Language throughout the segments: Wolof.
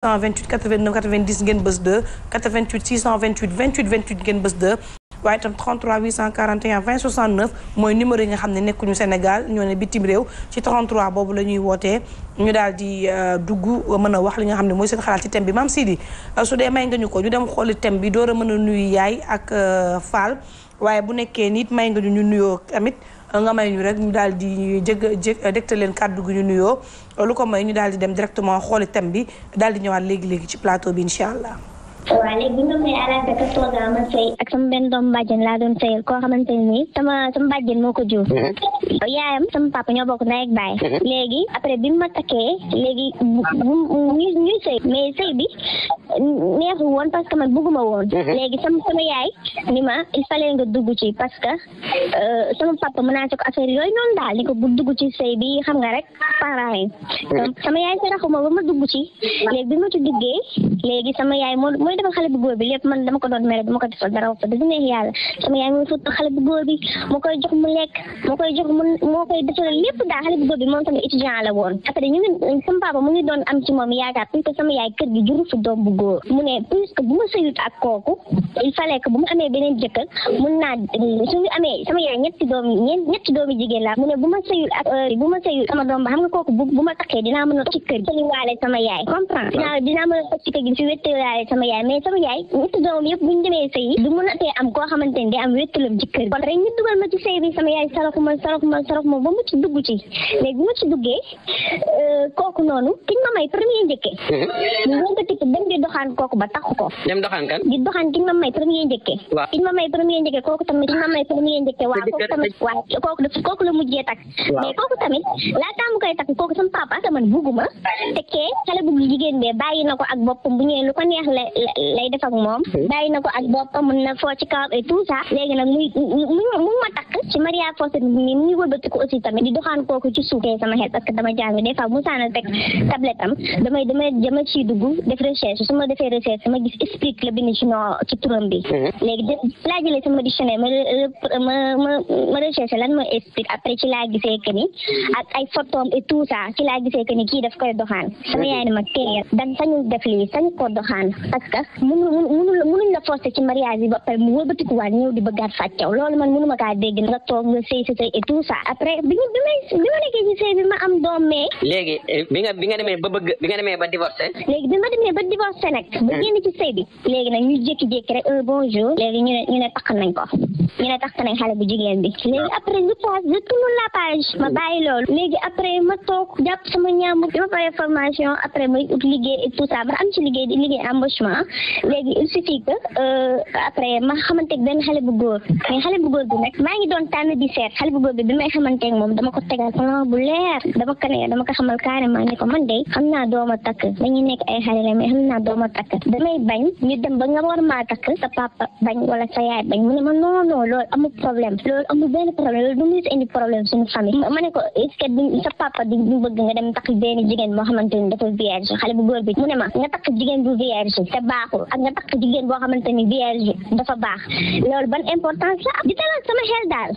628 89 90 ngeen bës 2 88 628 28 28 ngeen bës 2 waaye itam 33 841 20 69 mooy numéro yi nga xam ne nekkuñu Sénégal ñoo ne bitim réew ci 33 boobu la ñuy wootee ñu daal di euh, dugg euh, mën a wax li nga xam ne mooy seen xalaat ci thème bi maam Sidi euh, su dee may nga ñu ko ñu dem xooli thème bi door a mën nuyu yaay ak Fall waaye bu nekkee nit may nga ñu ñu nuyoo tamit nga may ñu rek ñu daal di ñuy jég jég dégtal leen kàddu ñu nuyoo lu ko may ñu daal dem directement xooli thème bi daal di ñëwaat léegi léegi ci plateau bi incha allah. waaw léegi bi ñu may à l'âge de quatorze ans ma sëy ak sama benn doomu bàjjen laa doon sëyal koo xamante ne nii sama sama bàjjen moo ko jur mm-hmm. yaayam sama papa ñoo bokk ndey ak baay mm-hmm. léegi après bi ma takkee léegi ñu ñuy sëy mais sëy bi neexu woon parce que man bëgguma woon mm-hmm. léegi sama sama yaay ni ma il fallait nga dugg ci parce que euh, sama papa mën naa ko affaire yooyu noonu daal ni ko bu dugg ci sëy bi xam nga rek parents yi sama yaay saraxuma ba ma dugg ci léegi bi ma ci ma defal xale bu góor bi lépp man dama ko doon mere dama ko defal dara wax dëgg neex yàlla sama bu góor bi moo koy jox mu lekk moo koy jox mu moo koy defal lépp daal la bu ma sëyut ak kooku il fallait que bu ma mun naa su amee sama yaay ñetti doom ñetti doomi jigéen la mu ne bu ma sëyul ak euh, bu ma sëyul sama doom ba xam kooku bu ma takkee dinaa mën a toog ci kër gi a fi wéttee waale sama yaay yaay mais sama yaay ñetti doom yëpp bu ñu demee sëy du mën a tee am koo xamante ni day am wéttalam jëkkër kon rek ñu dugal ma ci sëy bi sama yaay saraxu ma saraxu ma saraxu ma ba mu ci dugg ci léegi bu ma ci euh, mm-hmm. ko dem di doxaan kooku ba taxu ko dem doxaan kan di doxaan kiñ ma may premier njëkke waaw kiñ ma may premier njëkke kooku tamit kiñ jigéen bee bàyyi na ko ak boppam bu ñëwee lu ko neex la lay def ak moom hmm. bàyyi na ko ak boppam mën na foo ci kawam et tout léegi nag muy mu ma takk ci Maria Forte mi muy wëlbatiku aussi tamit di doxaan kooku ci suuf sama xel parce dama jàng mu saana teg tablette am damay damay dugg def recherche su ma defee recherche ma gis explique la bind ci noo ci turam bi hmm. léegi de ma ma ma recherche lan mooy explique après ci laa gisee que ni ak ay photom e tout ça ci laa gisee que ni kii daf koy doxaan sama hmm. yaay ne ma teeyal dan sañul def lii sañ ko doxaan parce la munu munu munuñ la forcer ci mariage bi ba pare mu wëlbatikuwaat ñëw di bëggaat fàcc yow loolu man mënuma kaa dégg nga toog nga sëy sa sëy et tout ça après bi ñu bi bi ma nekkee ci sëy bi ma am doom ba bëgg bi ba divorcé. léegi bi ma ba divorcé nag. ba génn ci sëy bi léegi nag ñu jékki-jékki rek un bon jour. léegi ñu ne ñu ne takk nañ ko ñu ne takk nañ xale bu jigéen bi. léegi après ñu passe je tourne la page ma bàyyi loolu. léegi après ma toog jàpp sama ñaambu bi ma paree formation après léegi il suffit que euh, après ma xamanteeg ben xale bu góor mais xale bu góor bi nag maa ngi doon tànn di seet xale bu góor bi bi may xamanteeg moom dama ko tegal plan bu leer dama ko ne dama ko xamal carrément ni ko man de xam naa dooma takk dañuy nekk ay xale la mais xam naa dooma takk damay bañ ñu dem ba nga war maa takk sa papa bañ wala sa yaay bañ mu ne ma non non loolu amul problème loolu amul benn problème loolu du mu indi problème suñu famille ma ne ko sa papa di bëgg nga dem takk benn jigéen moo xamante ni dafa vierge xale mu ne ma nga takk jigéen bu baaxul ak nga takk jigéen boo xamante ni vierge dafa baax loolu ban importance di dalal sama xel daal.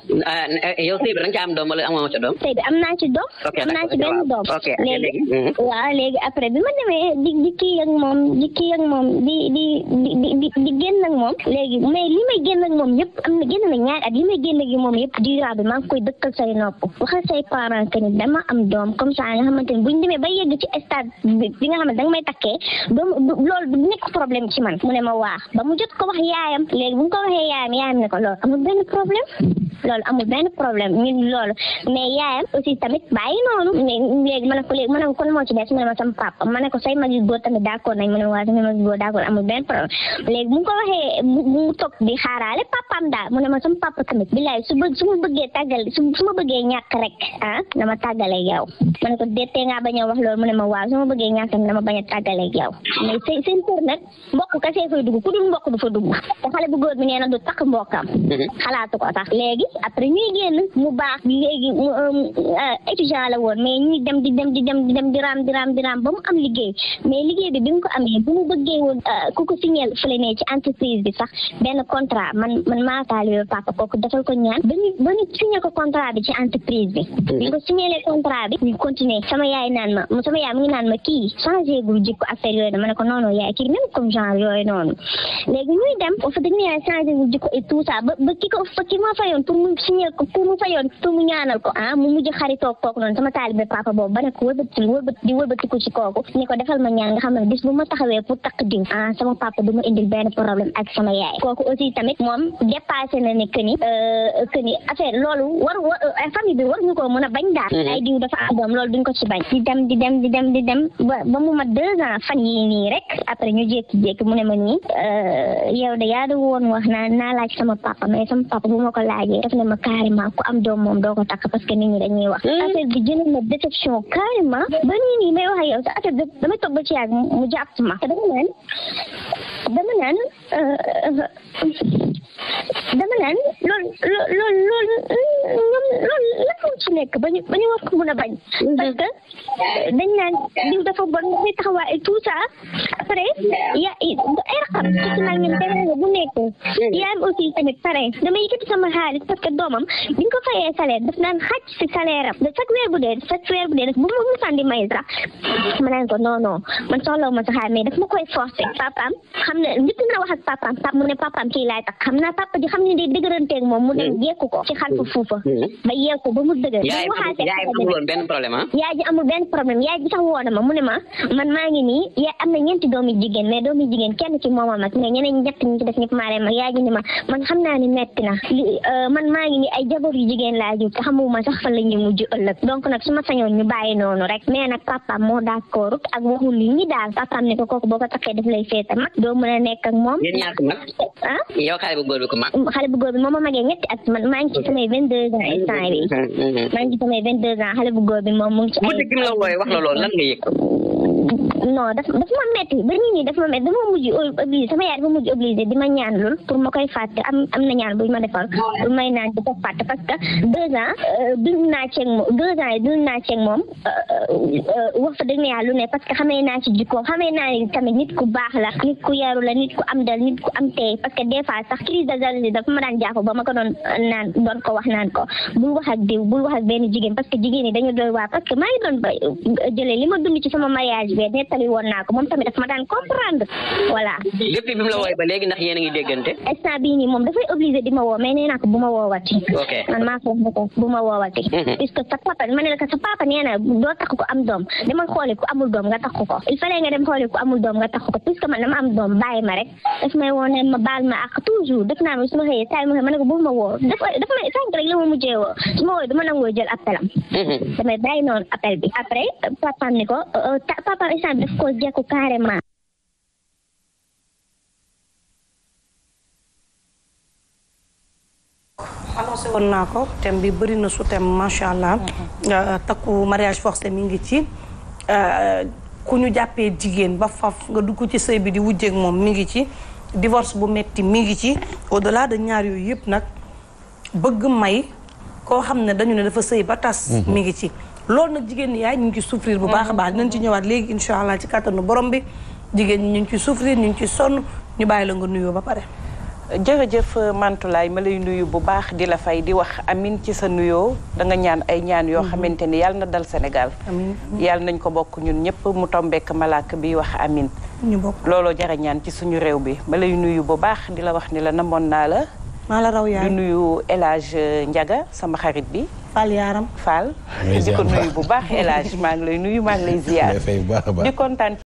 yow sëy bi da nga ca am doom wala amoo ca doom. sëy bi am naa ci doom. am naa ci benn doom. léegi waaw léegi après bi ma demee di di kii ak moom di kii ak moom di di di di di génn ak moom léegi mais li may génn ak moom yëpp na génn na ñaari at moom yëpp durant bi maa ngi koy dëkkal say nopp waxal say parents que ni dama am doom comme ça nga xamante ni buñ demee ba yegg ci stade bi nga xamante da may takkee doom loolu du nekk problème ci man mu ne ma waa ba mu jot ko wax yaayam léegi bu mu ko waxee yaayam yaayam ne ko loolu amul benn problème loolu amul benn problème tamit bàyyi noonu mais léegi ma ne ko moo ci des mu ne ma sama papa ma ne ko say mag yu góor tamit d'accord nañ mu ne waa sama mag yu góor d'accord amul benn problème léegi bu mu ko waxee mu ne ma sama papa tamit billaay su ma su ma bëggee tàggal su ma bëggee ñàkk rek ah dama tàggale yow ma ne ko dee ngaa bañ a wax loolu mu ne ma waaw su ma bëggee ñàkk dama bañ a tàggale yow mais seen seen nag mbokk kasee fay dugg ku dul mbokk du fa dugg te xale bu góor bi nee na du takk mbokkam mhm. xalaatu ko sax léegi après ñuy génn mu baax léegi um, euh, étudiant la woon mais ñuy dem di dem di dem di di raam di raam di ba mu am liggéey mais liggéey bi bi mu ko amee bu mu bëggee woon euh, ku ko signé fële ne ci entreprise bi sax benn contrat man man maa taalibe papa kooku defal ko ñaan ba ñu ba ñu signé ko contrat bi ci entreprise bi mhm. ñu ko signé le contrat bi ñu continuer naan ma sama yaay mu ngi naan ma kii yooyu dama ne ko non non comme genre yooyu noonu léegi muy dem fa dañu ne changé wu jikko et tout ça ba ba ki ko fa ki ma fayoon pour mu signé ko pour mu fayoon pour mu ñaanal ko ah mu mujj xaritoog kooku noonu sama taalibe papa boobu ba ne ko wëlbati wëlbati ci kooku ne ko defal ma ñaan nga xam ne bis bu ma taxawee pour takk diw ah sama papa du indil benn problème ak sama yaay kooku aussi tamit moom dépassé na ni que ni affaire loolu war war famille bi war ñu ko mën a bañ daal jékki-jékki mu ne ma nii eh, yow de yaa da woon wax naa naa laaj sama papa mais sama papa bu ma ko laajee def na ma carrément ku am doom moom doo ko takk parce que ñi dañuy wax hmm. affaire bi jëlee ma déception carrément ba nii nii may wax ak yow sa affaire bi dama toog ba ci yàgg mu jàpp ma dama naan dama naan eh, eh, dama leen loolu loolu loolu ñoom loolu lan moo ci nekk ba ñu ba ñu war ko mën a bañ. parce que dañ naan diw dafa bon dafay taxawaa et tout ça après ya ay raxam ci naa ngeen demee bu nekk. yaayam aussi tamit pare dama yëkkati sama xaalis parce que doomam bi ñu ko fayee salaire daf naan xàcc si salaire am. de chaque weer bu dee chaque weer bu dee nag bu ma mu sànni may sax ma naan ko non non man soxlawu ma sa xaalis mais daf ma koy forcer papaam xam ne njëkk naa wax ak papaam pap mu ne papaam kii laay tax xam xanaa papa ji xam ne day dëgëranteeg moom mu dem hmm. yekku ko ci xalfu hmm. fuufa hmm. ba yeeku ba mu dëgër ah? yaay ji amul benn problème yaay ji sax woona ma mu ne ma man maa ngi nii yaay am na ñeenti doomi jigéen mais doomi jigéen kenn ci mooma mag mais ñeneen ñi def ñëpp maa leen yaay ji ne ma man xam naa ni metti na li euh, man maa ngi nii ay jabar yu jigéen laa jur te xamuma sax fan la ñuy mujj ëllëg donc nag su ma sañoon ñu bàyyi noonu rek mais nag papaam moo d'accord ak waxul li ñi daal papaam ne ko kooku boo ko takkee daf lay féete mag doo mën a nekk góor bi ko mag. Mm, xale bu góor bi moom moo magee ñetti at man maa ci samay 22 ans instant bi. Mm, mm, maa ci samay 22 ans xale bu góor bi moom mu ngi ci. ay guddi gi la wooyee wax la loolu lan nga non daf ma metti ba nit ñi daf ma metti dafa mujj obligé sama yaay dafa mujj obligé di ma ñaan lool pour ma koy fàtte am am na ñaan bu ma defal bu may naan di ko parce que deux ans euh, dund naa ceeg moom yi naa ceeg moom euh, euh, wax fa dëgg lu ne parce que xamee naa ci jikkoom xamee naa ni ku baax la nit ku yaru la ku am dal nit ku am tey parce que des fois sax crise de ma daan jàpp ba ma ko doon naan doon ko wax naan ko bul wax ak diw bul wax ak benn jigéen parce que jigéen yi dañu doy waar parce que maa ngi doon jëlee li ma dund ci sama mariage bi nettali woon naa ko moom tamit dafa ma daan comprendre voilà. depuis bi mu la woowee ba léegi ndax yéen a ngi déggante. instant bii nii moom dafay obligé di ma woo mais nee naa ko bu ma woowati. man maa ko wax mhm. sa papa ma ne la sa papa nee na doo takk ko man ne la ma mujjee woo su ma daf ko woon naa ko thème bi bëri na su thème macha allah. Mhm. Euh, takku mariage forcé mi ngi ci. Euh, ku ñu jàppee jigéen ba faf nga dugg ci sëy bi di wujjeeg moom mi ngi ci. divorce bu metti mi ngi ci au delà ñaar yooyu yëpp nag bëgg may koo xam ne dañu ne dafa sëy ba tas. Mhm. mi ngi ci. loolu nag jigéen ñi yaay ñu ngi ci souffrir bu baax a baax nañ ci ñëwaat léegi incha allah ci kattanu borom bi jigéen ñi ñu ngi ci souffrir ngi ci sonn ñu bàyyi la nga nuyoo ba pare jërëjëf Mantulaay ma lay nuyu bu baax di la fay di wax amin ci sa nuyoo da nga ñaan ay ñaan yoo mhm. xamante ni yàlla na dal Sénégal yàlla nañ ko bokk ñun ñëpp mu tombekk malaak bi wax amin looloo jara ci suñu réew bi ma lay nuyu bu baax di la wax ni la namoon naa la maa la raw yaay di nuyu El sama xarit bi. Fall Yaram Fall. di ko nuyu bu baax maa lay nuyu maa ngi ziar.